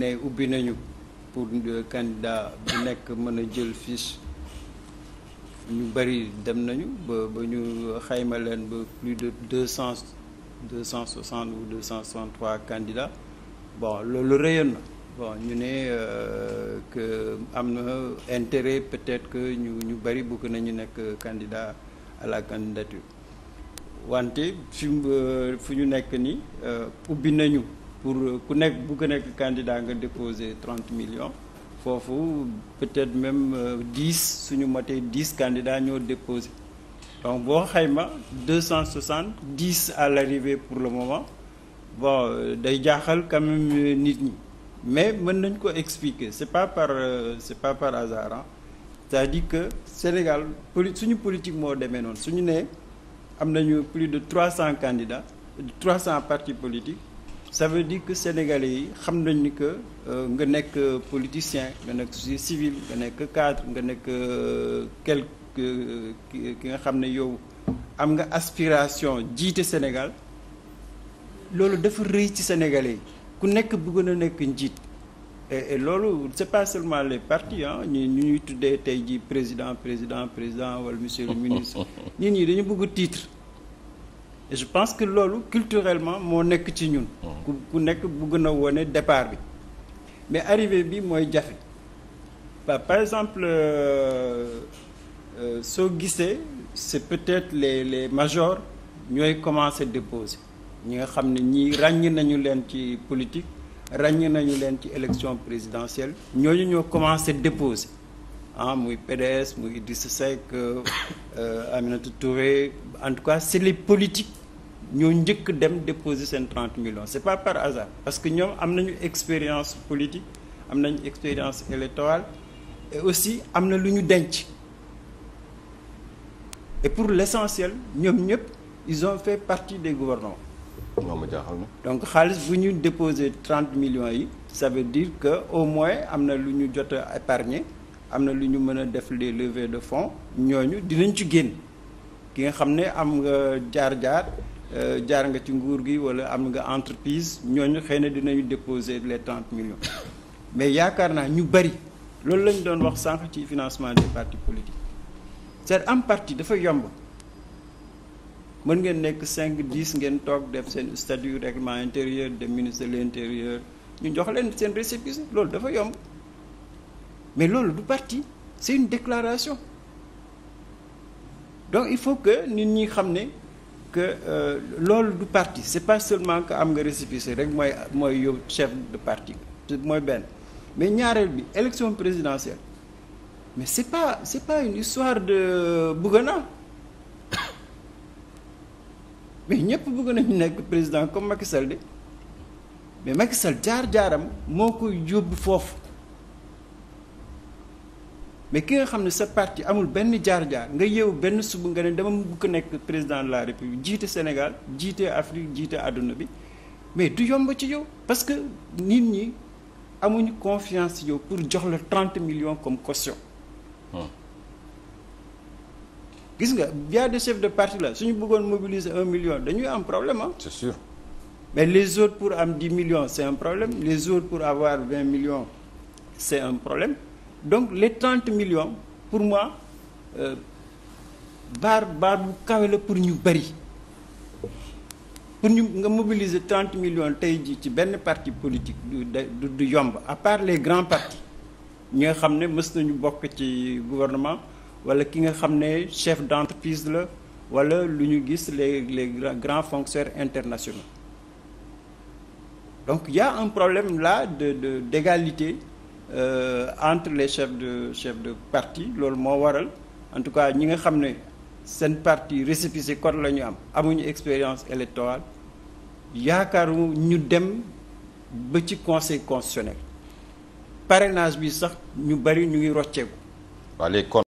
ne ubbi nañu pour euh, candidat bu nekk mën a jël fiche ñu bëri dem nañu ba ba ñu xayma leen ba plus de deux cent deux cent soixante ou deux cent soixante trois bon loolu rëyoon na bon ñu ne euh, que am na intéret peut-être que ñu ñu bëri bëgg nañu nekk candidat à la candidature wante fi euh, fu ñu nekk nii ubbi nañu. pour euh, ku nekk bugg nekk candidat nga déposer trente millions foofu peut-être même euh, dix suñu matee dix candidats ñoo déposé donc boo xayma deux cent soixante dix à l'arrivée pour le moment bon euh, day jaaxal quand nit ñi mais mën nañ ko expliquer c'est pas par c'est pas par hasard hein dire que Sénégal poli suñu politique moo demee noonu suñu nee am nañu plus de trois cent candidats trois cent partis politiques ça veut dire que sénégalais yi xam nañ ni que euh, nga nekk politicien nga nekk société civile nga nekk cadre nga nekk euh, quelque ki nga xam ne yow am nga aspiration jiite Sénégal loolu dafa rëy ci sénégalais yi ku nekk bëgg na nekk njiit et loolu c'est pas seulement les partis ah ñu ñu ñuy tuddee tey ji président président président wala monsieur le ministre nit ñi dañu bëgg titre et je pense que loolu culturellement moo nekk ci ñun. ku ku nekk bu gën a wone départ bi mais arrivé bi mooy jafe par par exemple euh, euh, soo gisee c'est peut-être les les majors ñooy commencer déposer ñi nga xam ne ñii ràññ nañu leen ci politique ràññ nañu leen ci élection présidentielle ñooñu ñoo commencer déposer ah muy PDS muy Idrissa Seck euh, Aminata Touré en tout cas c'est les politiques. ñoo njëkk dem déposer seen 30 millions c'est pas par hasard parce que ñoom am nañu expérience politique am nañu expérience électorale et aussi am na lu ñu denc et pour l'essentiel ñoom ñëpp ils ont fait partie des gouvernements moom jaaxal na donc xaalis bu ñu déposé 30 millions yi ça veut dire que au moins am na lu ñu jot a épargner am na lu ñu mën a def les levées de fonds ñooñu dinañ ci génn ki nga xam ne am nga jaar-jaar Euh, jaar nga ci nguur gi wala am nga entreprise ñooñu xëy na dinañu déposer les trente millions mais yaakaar naa ñu bëri loolu lañ doon wax sànq ci financement des partis politiques c'est am parti dafa yomb mën ngeen nekk cinq dix ngeen toog def seen statut règlement intérieur des ministres de l'intérieur ñu jox leen seen récépissé loolu dafa yomb mais loolu du parti seen déclaration donc il faut que nit ñi xam ne que euh, loolu du parti c'est pas seulement que am nga récépissé rek mooy mooy yow chef de parti mooy benn mais ñaareel bi élection présidentielle mais c'est pas c'est pas une histoire de euh, bëgg naa mais ñëpp bëgg nañu nekk président comme Macky Sall de mais Macky Sall jaar-jaaram moo koy yóbbu foofu mais ki nga xam ne sa parti amul benn jaar-jaar nga yeewu benn suba nga ne dama bëgg nekk président de la république jiite Sénégal jiite Afrique jiite àdduna bi mais du yomb ci yow parce que nit ñi amuñu confiance yow pour jox la trente millions comme caution. Hmm. gis nga y a chef de parti la suñu bëggoon mobiliser un million dañuy am problème ah. mais les autres pour am dix millions c'est un problème les autres pour avoir vingt millions c'est un problème. donc les trente million pour moi euh, baar baar bu kawe la pour ñu bëri pour ñu nga mobiliser trente millions tey jii ci benn parti politique du du yomb à part les grands partis ñi nga xam ne mës nañu bokk ci gouvernement wala ki nga xam ne chef d'entreprise la wala lu ñu gis les les grands fonctionnaires internationaux donc il y un problème là de de d'égalité Euh, entre les chef de chef de parti loolu moo waral en tout cas ñi nga xam ne seen partie récépissé code la ñu am amuñu expérience électorale yaakaaru ñu dem ba ci conseil constitutionnel parenage bi sax ñu bari ñu ngi rocceeku.